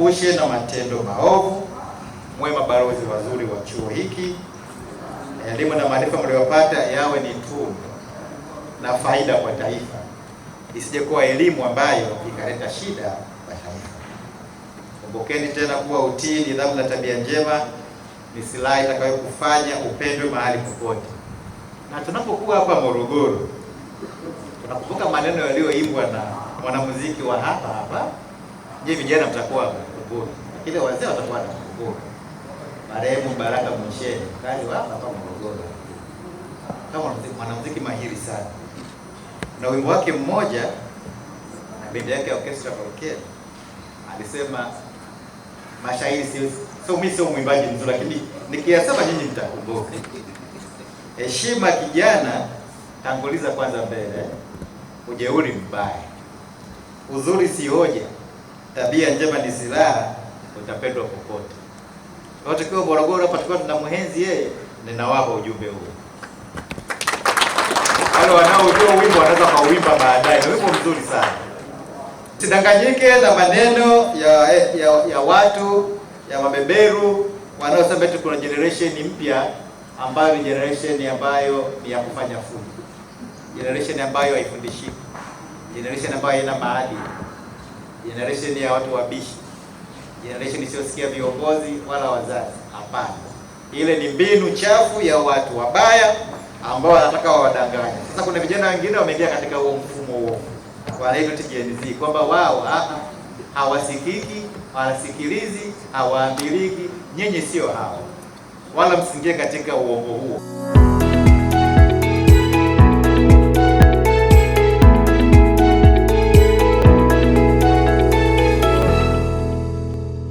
tuepushe na matendo maovu. Mwe mabalozi wazuri wa chuo hiki. Elimu na maarifa mliyopata yawe ni tunu na faida kwa taifa, isije kuwa elimu ambayo ikaleta shida kwa taifa. Kumbukeni tena kuwa utii, nidhamu na tabia njema ni silaha itakayokufanya upendwe mahali popote. Na tunapokuwa hapa Morogoro, tunakumbuka maneno yaliyoimbwa na mwanamuziki wa hapa hapa. Je, vijana mtakuwa Morogoro, lakini wazee watakuwa na Morogoro. Marehemu Baraka Mwisheni kali wa hapa Morogoro, kama mwanamuziki mahiri sana, na wimbo wake mmoja na bendi yake ya orchestra Volcano alisema mashairi so, mimi sio mwimbaji mzuri, lakini nikiyasema nyinyi mtakumbuka. Heshima kijana, tanguliza kwanza mbele. Ujeuri mbaya, uzuri si hoja tabia njema ni silaha, utapendwa popote. Watakiwa Morogoro hapa tuna muhenzi yeye, ninawapa ujumbe huu. Wale wanaojua wimbo wanaweza kauimba baadaye, ni wimbo mzuri sana. Sidanganyike na maneno ya, ya, ya watu ya mabeberu wanaosema eti kuna generation mpya ambayo ni generation ambayo ni ya kufanya fujo, generation ambayo haifundishiki, generation ambayo haina maadili generation ya watu wabishi, generation isiyosikia viongozi wala wazazi. Hapana, ile ni mbinu chafu ya watu wabaya ambao wanataka wawadanganye. Sasa kuna vijana wengine wameingia katika huo mfumo huo, wanaitwa Gen Z kwamba wao ah, ah, hawasikiki, hawasikilizi, hawaambiliki. Nyinyi sio hao, wala msingie katika uongo huo.